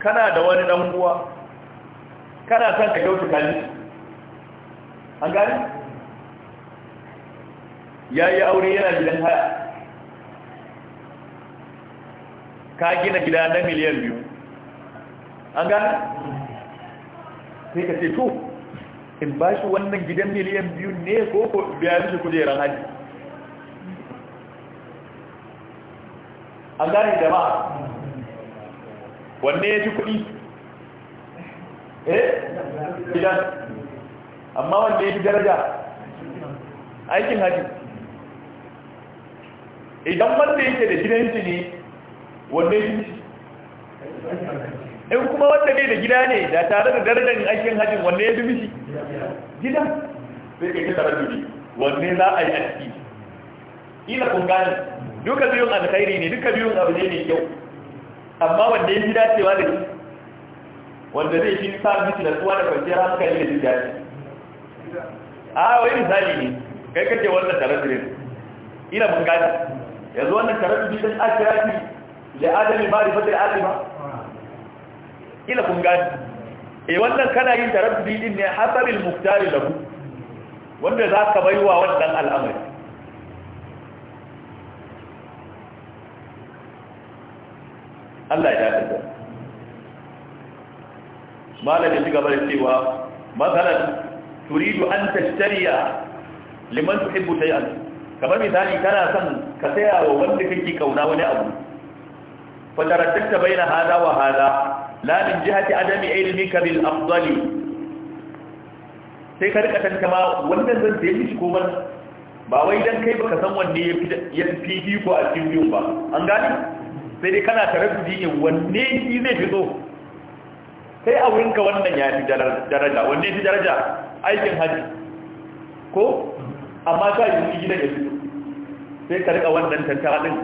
kana da wani ɗan uwa kana son ka kyautuka ne an gani ya yi aure yana gidan haya ka gina gida na miliyan biyu an gani sai ka ce to in ba shi wannan gidan miliyan biyu ne ko ko biya mishi kujeran hajji an gani jama'a wanne ya ci kudi eh gidan amma wanda ya fi daraja aikin haji idan wanda yake da gidan shi ne wanda ya fi in kuma wanda ne da gida ne da tare da darajar aikin haji wanda ya fi mishi gida sai ka yi tarajuri wanne za a yi a ciki ila kun gani duka biyun alkhairi ne duka biyun abu ne mai kyau amma wanda ya fi dacewa da shi wanda zai fi sa miki da tsuwa da kwanciyar hankali da jin a wai misali ne kai kake wannan ne. ina mun gani yanzu wannan taraddudi dan akirafi da adami ba da fatar alima ila kun gani eh wannan kana yin tarabi din ne hasabil muktari lahu wanda zaka baiwa wannan al'amari Allah ya dace malam ya gaba da cewa matsalar turidu an tashtariya liman tuhibbu shay'an kamar misali kana son ka saya wa wanda kake kauna wani abu fa taraddakta baina hada wa hada la min jihati adami ilmika bil afdali sai ka rika tantama wannan zan sayi shi ko ban ba wai dan kai baka san wanne ya fi fi ko a cikin biyun ba an gane sai dai kana tare da ne wanne shi zai fito Kai a wurinka wannan ya fi daraja wanne fi daraja aikin hajji ko amma ta yi wani gidan ya fito sai ka rika wannan tattara din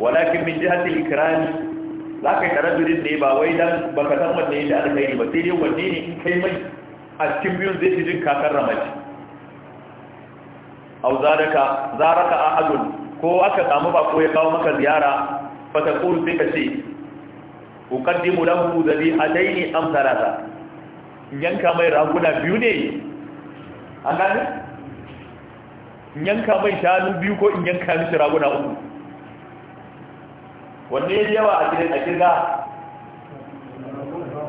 walakin min jihatil ikrami za ka yi taraddudin ne ba wai dan baka san wanne da aka yi ba sai dai wanne ne in kai mai a cikin biyun zai fi jin kakar ramaci au zaraka zaraka a ko aka samu ba ko ya kawo maka ziyara fata kuru sai ka ce uqaddimu lahu adaini am thalatha yanka mai raguna biyu ne an gane yanka mai shanu biyu ko in yanka mishi raguna uku wanne ya yawa a gidan a kirga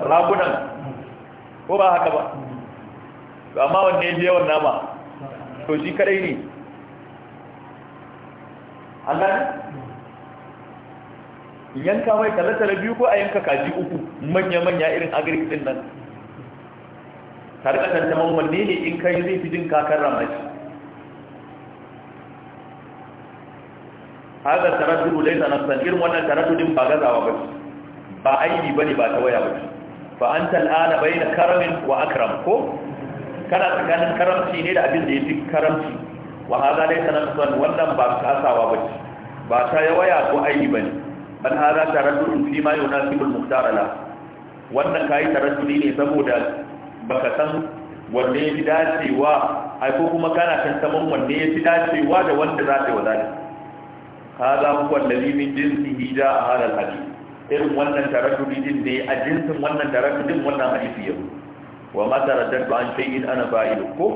ragunan ko ba haka ba amma wanne ya yawan nama to shi kadai ne A gani. yanka mai talatala biyu ko a yanka kaji uku manya-manya irin agrik din nan tare da tantaman wanne ne in kai zai fi jin kakar ramashi haɗar taraddu dai san irin wannan din ba gazawa ba ba aini ba ne ba ta waya ba ba an tal'ana bai da karamin wa akram ko kana tsakanin karamci ne da abin da ya fi karamci wa haɗa dai sanarsan wannan ba kasawa ba ba ta yawaya ko aini ba ne an hada taraddudin fi ma yunasibul muhtara la wannan kai taraddudi ne saboda baka san wanne ya fi dacewa ai ko kuma kana kan saman wanne ya fi dacewa da wanda za ta yi wadata hada huwa allazi min hija a halar hadith irin wannan taraddudi din ne a jinsin wannan taraddudin wannan hadisi yau wa ma taraddadu an in ana fa'ilu ko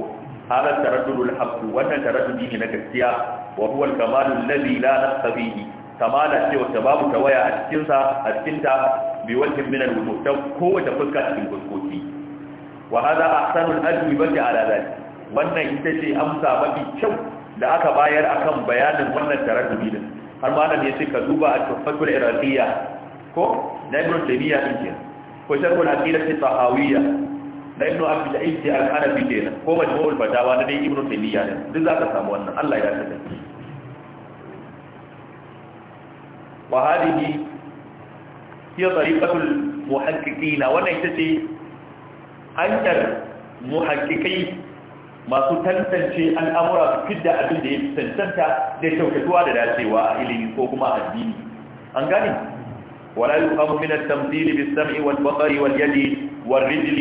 hadha taraddudul haqq wannan taraddudi ne na gaskiya wa huwa al-kamalu alladhi la naqsa fihi da ce wacce babu ta waya a cikinsa a cikinta bi wajen minar wuto ta kowace fuska cikin fuskoki wa haza a sanin azumi bace a lalari wannan ita ce amsa mafi kyau da aka bayar akan bayanin wannan da din har ma nan ya yace ka duba a tuffatul iraqiyya ko na ibn tabiya din ko sharhul aqidah tahawiyya da ibn abd al-aziz al-arabi kenan ko majmu'ul fatawa na dai ibn tabiya ne duk za ka samu wannan Allah ya tsare وهذه هي طريقة المحققين وانا يتسي أنتر محققي ما تنتن شيء الأمر في كدة أبن دي تنتنتا دي توكتوا لداتي وإلي فوقما الدين أنقاني ولا يقام من التمثيل بالسمع والبقر واليد والرجل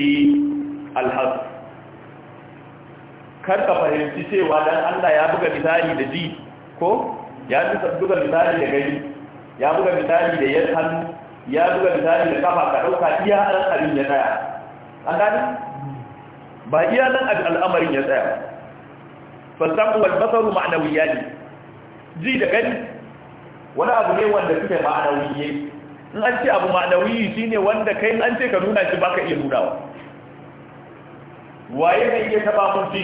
الحق kar ka fahimci cewa dan Allah ya buga misali da ji ko ya buga misali da gani ya buga misali da yan hannu ya buga misali da kafa ka ɗauka iya nan abin ya tsaya an gani ba iya nan al'amarin ya tsaya fasamu wal basaru ne. ji da gani wani abu ne wanda suke ma'anawiye in an ce abu ma'anawiyi shine wanda kai an ce ka nuna shi baka iya nunawa waye zai iya taɓa mun fi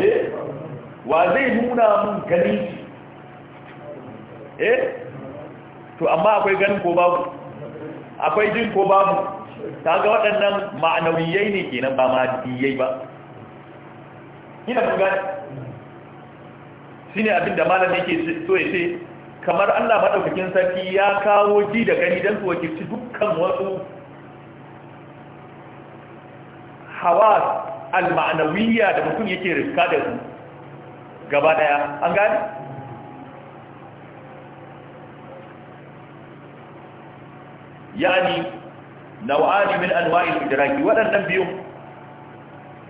eh wa zai nuna mun gani eh to amma akwai ganin ko babu akwai jin ko babu ta ga waɗannan ma'anawiyai ne kenan ba madiyai ba ina kun gani shi ne abinda malam yake so ya ce kamar allah madaukakin sarki ya kawo ji da gani don su wakilci dukkan wasu hawa al-ma'anawiyya da mutum yake riska da su gaba ɗaya an gani yani nau'ani min anwa'il idraki waɗannan biyu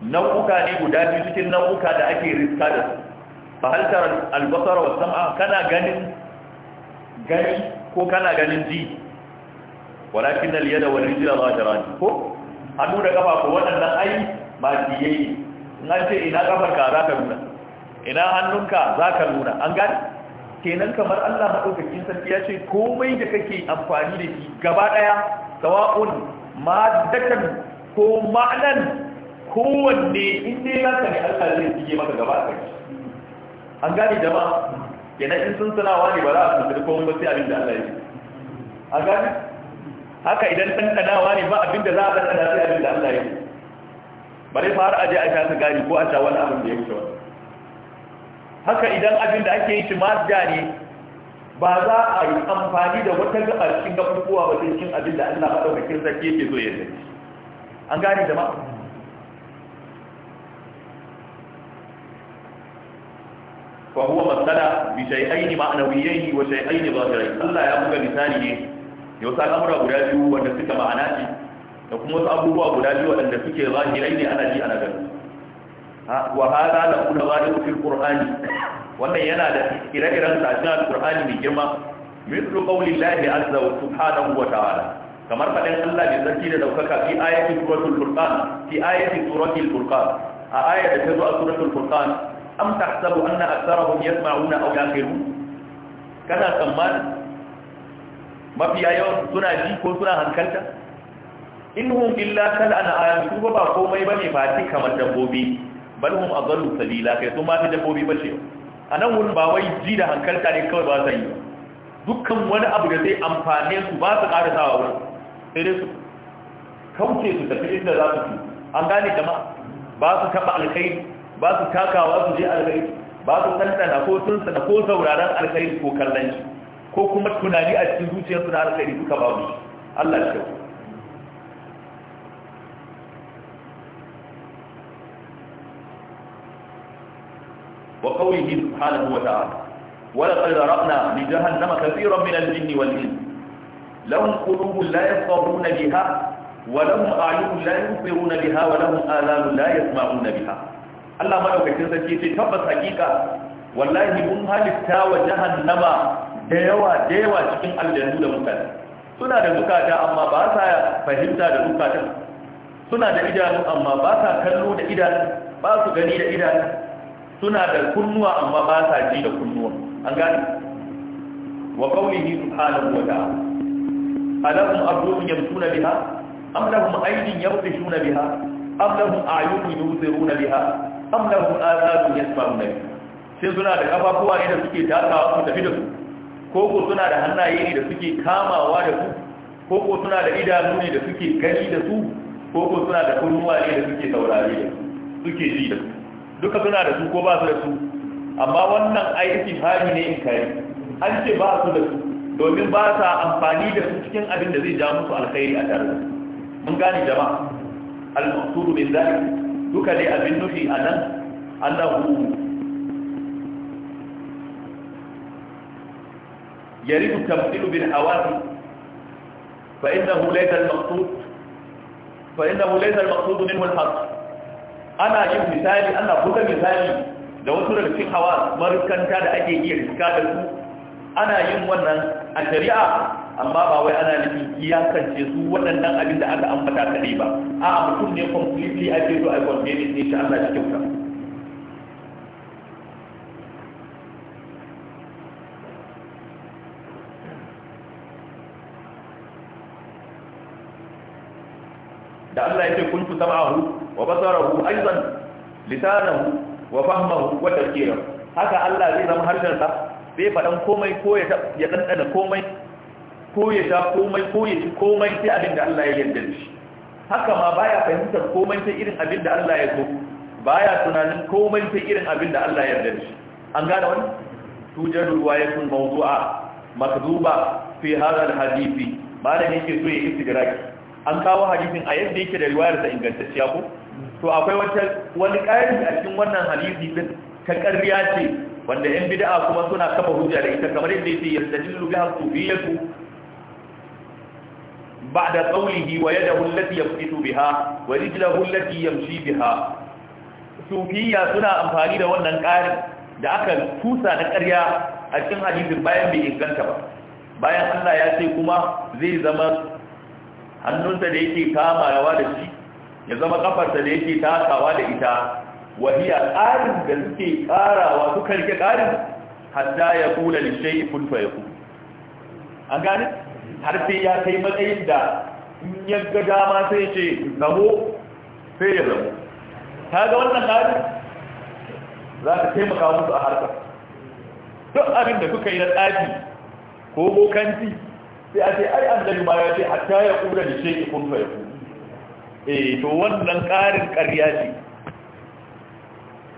nau'uka ne guda biyu cikin nau'uka da ake riska da su fa hal tara al basara wa sam'a kana ganin gani ko kana ganin ji walakin al-yada wal rijla zahiran ko hannu da kafa ko waɗannan ai ba diyai in an ce ina za ka zaka nuna ina hannunka zaka nuna an gani kenan kamar Allah maɗaukakin sarki ya ce komai da kake amfani da shi gaba ɗaya ma madakan ko ma'anan kowanne inda ya kare ne Allah zai sige maka gaba a kai an gane jama'a kenan in sun sanawa ne ba za a tuntuni komai ba sai abin da Allah ya ce A gane haka idan ɗanɗanawa ne ba abin da za a ɗana sai abin da Allah ya ce bari fara aje a sha sigari ko a sha wani abin da ya wuce wani haka idan abin da ake yi shi mazda ne ba za a yi amfani da wata gabar cikin gabubuwa ba cikin abin da Allah madaukakin ke ke so ya sani an gane jama'a fa huwa masala bi shay'aini yi wa ba shirai Allah ya buga misali ne da wasu al'amura guda biyu wanda suka ma'ana ce da kuma wasu abubuwa guda biyu waɗanda suke zahirai ne ana ji ana gani Wahala hada la kula ba da fil qur'ani wannan yana da ire-iren sashen alqur'ani mai girma mithlu qawli llahi azza wa subhanahu wa ta'ala kamar fadin Allah ne sarki da daukaka fi ayatin suratul furqan fi ayatin suratul furqan a aya da ta zo a suratul furqan am tahsabu anna aktharahum yasma'una aw yaqilun kana tsammanin mafi yawan suna ji ko suna hankalta in hum illa kal an'am su ba komai bane fati kamar dabbobi bal hum adallu sabila kai sun ma ta dabbobi bace a nan wurin ba wai ji da hankalta ne kawai ba sa yi dukkan wani abu da zai amfane su ba su ƙara sawa wurin sai dai su kauce su tafi inda za su ci an gane jama'a ba su taɓa alkhairi ba su takawa su je alkhairi ba su tantana ko na ko sauraron alkhairi ko kallon shi ko kuma tunani a cikin zuciyarsu na alkhairi duka su Allah shi وقوله سبحانه وتعالى ولقد ذرأنا لجهنم كثيرا من الجن والإنس لهم قلوب لا يفقهون بها ولهم أعين لا يبصرون بها ولهم آذان لا يسمعون بها Allah madaukakin sarki ce tabbas hakika wallahi mun halitta wa jahannama da yawa da yawa cikin aljannu da suna da bukata amma ba sa fahimta da bukatan suna da idanu amma ba sa kallo da idanu ba su gani da idanu suna da kunnuwa amma ba sa ji da kunnuwa an gane wa qawlihi subhanahu wa ta'ala alam arjulun yamtuna biha am lahum aydin yabtishuna biha am lahum a'yunun yubsiruna biha am lahum adhanun yasma'una biha sai suna da kafafuwa ne da suke tasawa su tafi da su ko ko suna da hannaye ne da suke kamawa da su ko ko suna da idanu ne da suke gani da su ko ko suna da kunnuwa ne da suke saurare da su suke ji da su duka suna da su ko ba su da su amma wannan aiki hali ne in kai an ce ba su da su domin ba sa amfani da su cikin abin da zai ja musu alkhairi a tare mun gane jama'a al-maqsud min dhalik duka dai abin nufi anan annahu يريد التمثيل بالحوادث فإنه ليس المقصود فإنه ليس المقصود منه الحق ana yin misali ana buga misali da wasu daga cikin hawa marukanta da ake iya riska da su ana yin wannan a shari'a amma ba wai ana nufin iyakance su waɗannan abin da aka ambata kaɗai ba a mutum ne completely ce so a convenience ne shi Allah cikin kyauta da Allah ya ce kun a hudu. wa basarahu aidan lisanahu wa fahmahu wa tafkirahu haka Allah zai zama harshen sa sai fadan komai ko ya ya dandana komai ko ya ta komai ko ya komai sai abin da Allah ya yarda shi haka ma baya fahimtar komai sai irin abin da Allah ya so baya tunanin komai sai irin abin da Allah ya yarda shi an gane wani tujadu riwayatun mawdu'a makduba fi hadha alhadisi malami yake so ya istigraki an kawo hadisin a yadda yake da riwayar sa ingantacciya ko to akwai wani ƙari a cikin wannan hadisi din ta ƙarya ce wanda yan bid'a kuma suna kafa hujja da ita kamar yadda yake yastadillu biha sufiyatu ba'da qawlihi wa yadahu allati yamsitu biha wa rijluhu allati yamshi biha sufiya suna amfani da wannan ƙari da aka tusa na ƙarya a cikin hadisin bayan bai inganta ba bayan Allah ya ce kuma zai zama hannunta da yake kama rawa da shi ya zama kafarsa da yake takawa da ita wahiya ƙarin da suke ƙarawa su karke ƙarin hatta ya kula da shai kun fa ya ku an gani har sai ya kai matsayin da in ya ga dama sai ce zamo sai ya zamo ta ga wannan ƙarin za ka taimaka musu a harka. duk abin da kuka yi na tsafi ko bokanti sai a ce ai an gani ma ya ce hatta ya kula da shai kun fa ya ku eh to wannan ƙarin ƙarya ce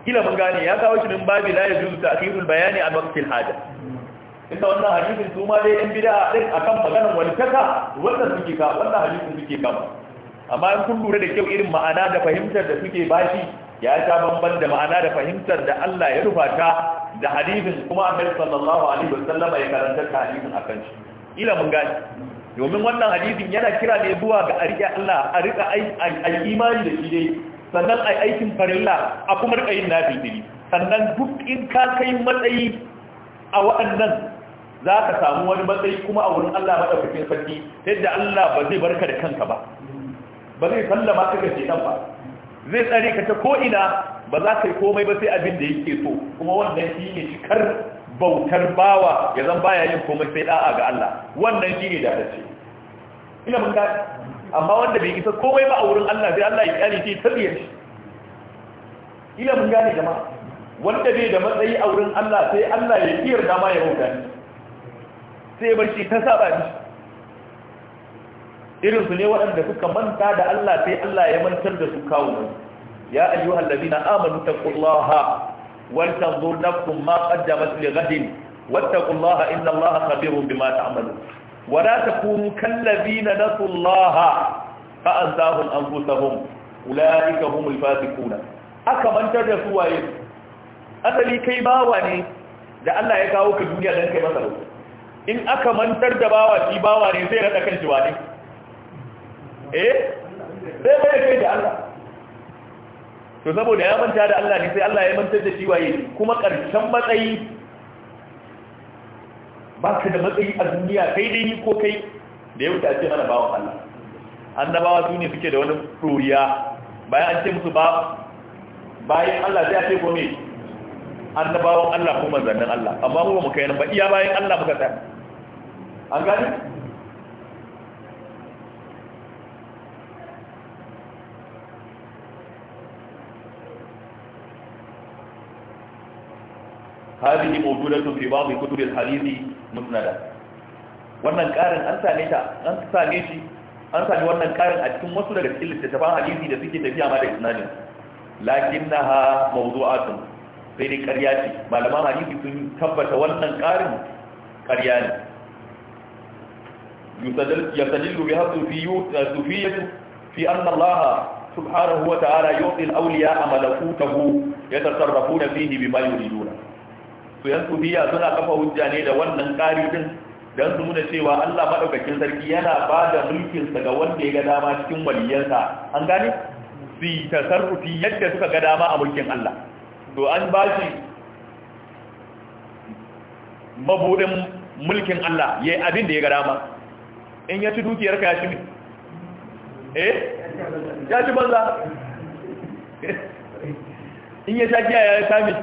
kila mun gane ya kawo shi min babi la juzu ta'khirul bayani a waqtil haja inda wannan hadisin su ma dai yan bid'a din akan maganar wani kaka wannan suke ka wannan hadisin suke kama amma in kun lura da kyau irin ma'ana da fahimtar da suke bashi ya ta bamban da ma'ana da fahimtar da Allah ya rufa ta da hadisin kuma Annabi sallallahu alaihi wasallam ya karanta hadisin akan shi ila mun gani domin wannan hadisin yana kira ne zuwa ga a riƙe Allah a rika al'imani da shi dai sannan a aikin farilla a kuma riƙa yin nafi diri sannan duk in ka kai matsayi a waɗannan za ka samu wani matsayi kuma a wurin Allah maɗaukacin sarki yadda Allah ba zai barka da kanka ba ba zai sallama ka ga ba zai tsare ka ta ko'ina ba za ka yi komai ba sai abin da yake so kuma wannan shi ne kar. bautar bawa ya zan baya yin komai sai da'a ga Allah wannan shi ne da ce ina mun ga amma wanda bai isa komai ba a wurin Allah sai Allah ya kare shi tabiyar shi ina mun gane jama'a wanda bai da matsayi a wurin Allah sai Allah ya kiyar da ma ya huta sai barci bar shi ta saba shi irin su ne waɗanda suka manta da Allah sai Allah ya mantar da su kawo ya ayyuhal ladina amanu taqullaha ولتنظر نفس ما قدمت لغد واتقوا الله إن الله خبير بما تعملون ولا تكونوا كالذين نسوا الله فأنساهم أنفسهم أولئك هم الفاسقون أكمن تجسوا أتلي كيباوة da Allah ya kawo ka duniya don kai masa rauni in aka mantar da bawa shi bawa ne sai rada kan shi ba ne eh sai bai kai da Allah to saboda ya manta da Allah ne sai Allah ya manta da shi waye kuma karshen matsayi ba ka da matsayi a duniya kai dai ni ko kai da yau da ake mana bawan Allah annabawa su ne suke da wani ruriya bayan an ce musu ba bayan Allah sai a ce gome annabawan Allah kuma zannan Allah amma mu ba mu kai nan ba iya bayan Allah muka ta an gani hadhihi mawjudatu fi ba'd kutub al-hadith musnada wannan ƙarin an same ta an same shi an same wannan ƙarin a cikin wasu daga cikin littattafan hadisi da suke tafiya ma da isnadin lakinnaha mawdu'atun sai dai ƙarya ce malaman hadisi sun tabbata wannan ƙarin ƙarya ne yastadillu bi hadhihi fi sufiyyatu fi anna Allah subhanahu wa ta'ala yu'ti al-awliya malakutahu yatasarrafuna fihi bima yuriduna to yan sufiya suna kafa hujja ne da wannan ƙari din don su nuna cewa Allah maɗaukakin sarki yana ba da mulkinsa ga wanda ya ga dama cikin waliyansa an gane su yi tasarrufi yadda suka ga dama a mulkin Allah to an ba shi mabudin mulkin Allah ya yi abin da ya ga dama in ya ci dukiyarka ya ci eh ya ci banza in ya sha giya ya sami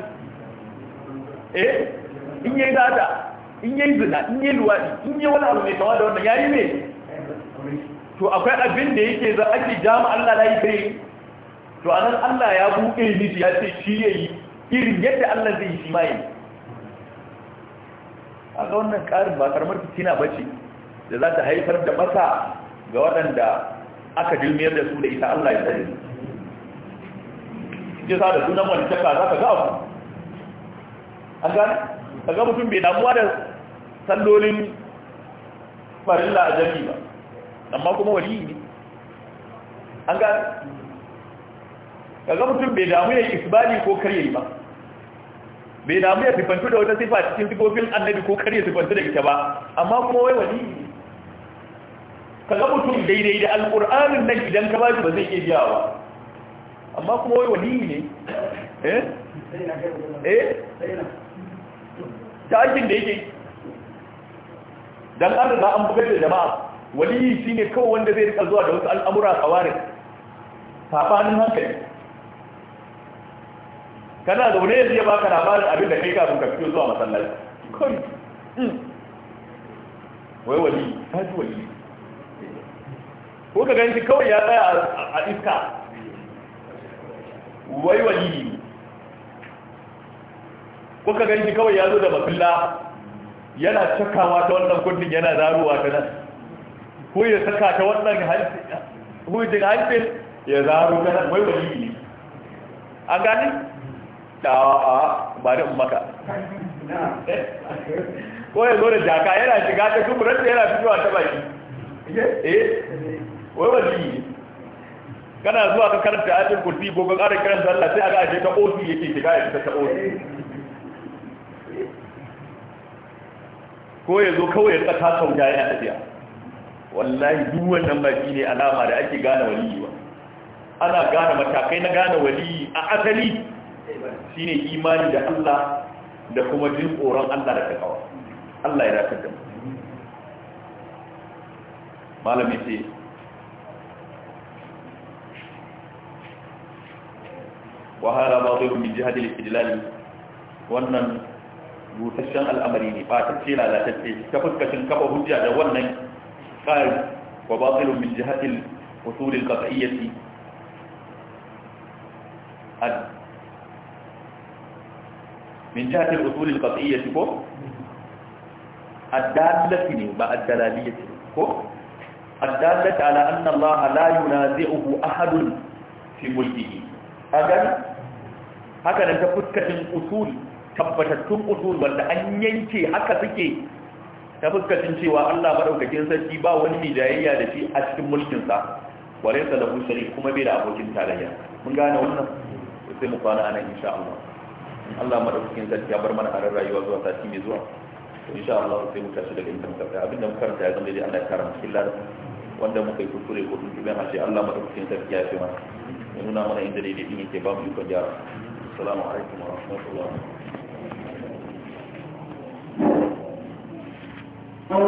eh in yayi data in yayi zina in yayi luwadi in yayi wani abu mai kama da wannan yayi ne to akwai abin da yake za ake jama Allah layi kai to anan Allah ya buɗe miji ya ce shi yayi irin yadda Allah zai yi shi ma yi a ga wannan ƙarin ba karamar fitina bace da za ta haifar da masa ga waɗanda aka dilmiyar da su da ita Allah ya tsare. Ije sa da sunan wani caka za ka ga abu an gane kaga mutum bai damuwa da sandolin farilla a jami ba amma kuma wali ne an gane ga mutum bai damu ya isbali ko karye ba bai damu ya sifantu da wata sifa cikin sifofin annabi ko karye sifantu da ita ba amma kuma wai wali ne kaga mutum daidai da alƙur'anin nan idan ka bashi ba zai iya biya ba amma kuma wai wali ne eh eh ta aikin da yake dan an an bugar da jama'a waliyi shine kawai wanda zai rika zuwa da wasu al'amura kawarin safanin hankali kana zaune yanzu ya baka labarin abin da kai kafin ka fito zuwa masallaci kai hmm. wai wali ta ji wali ko ka ganci kawai ya tsaya a iska wai wali kuka gan shi kawai ya zo da mafilla yana cakawa ta wannan kundin yana zaruwa ta nan ko ya saka ta wannan hujjin haifin ya zaru ta nan wai wani ne an gani? da a ba da maka ko ya zo da jaka yana shiga ta kuma da yana fitowa ta baki eh wai wani ne kana zuwa ka karanta ajin kursi gogon ka karanta Allah sai a ga ashe ta otu yake shiga ya fita ta otu ko ya zo kawai ya tsaka sau da yana tafiya wallahi duk wannan baki ne alama da ake gane waliyi ba ana gane matakai na gane waliyi a asali shine imani da Allah da kuma jin tsoron Allah da takawa Allah ya ratar da mu malami ce wa hada ba zai min jihadil idlal wannan busasshen al'amari ne fatacce lalatacce ta fuskacin kafa hujja da wannan ƙari wa batilun min jihatil usulil qat'iyyati min jihatil usulil qat'iyyati ko addalati ne ba addalaliyati ko addalati ala anna Allah la yunazi'uhu ahadun fi mulkihi haka haka da ta fuskacin usuli tabbatattun usul wanda an yanke haka suke ta fuskacin cewa Allah madaukakin sarki ba wani mai da shi a cikin mulkin sa wale sa lahu shari kuma bai da abokin tarayya mun gane wannan sai mu kwana anan insha Allah Allah madaukakin sarki ya bar mana aran rayuwa zuwa sati mai zuwa to insha Allah sai mu tashi daga intan kafa abinda mu karanta ya zama dai Allah ya kara mu illa wanda muka yi kuskure ko tun kiban hashi Allah madaukakin sarki ya fi mana ya nuna mana inda daidai din yake ba mu yi ko jara assalamu alaikum wa rahmatullahi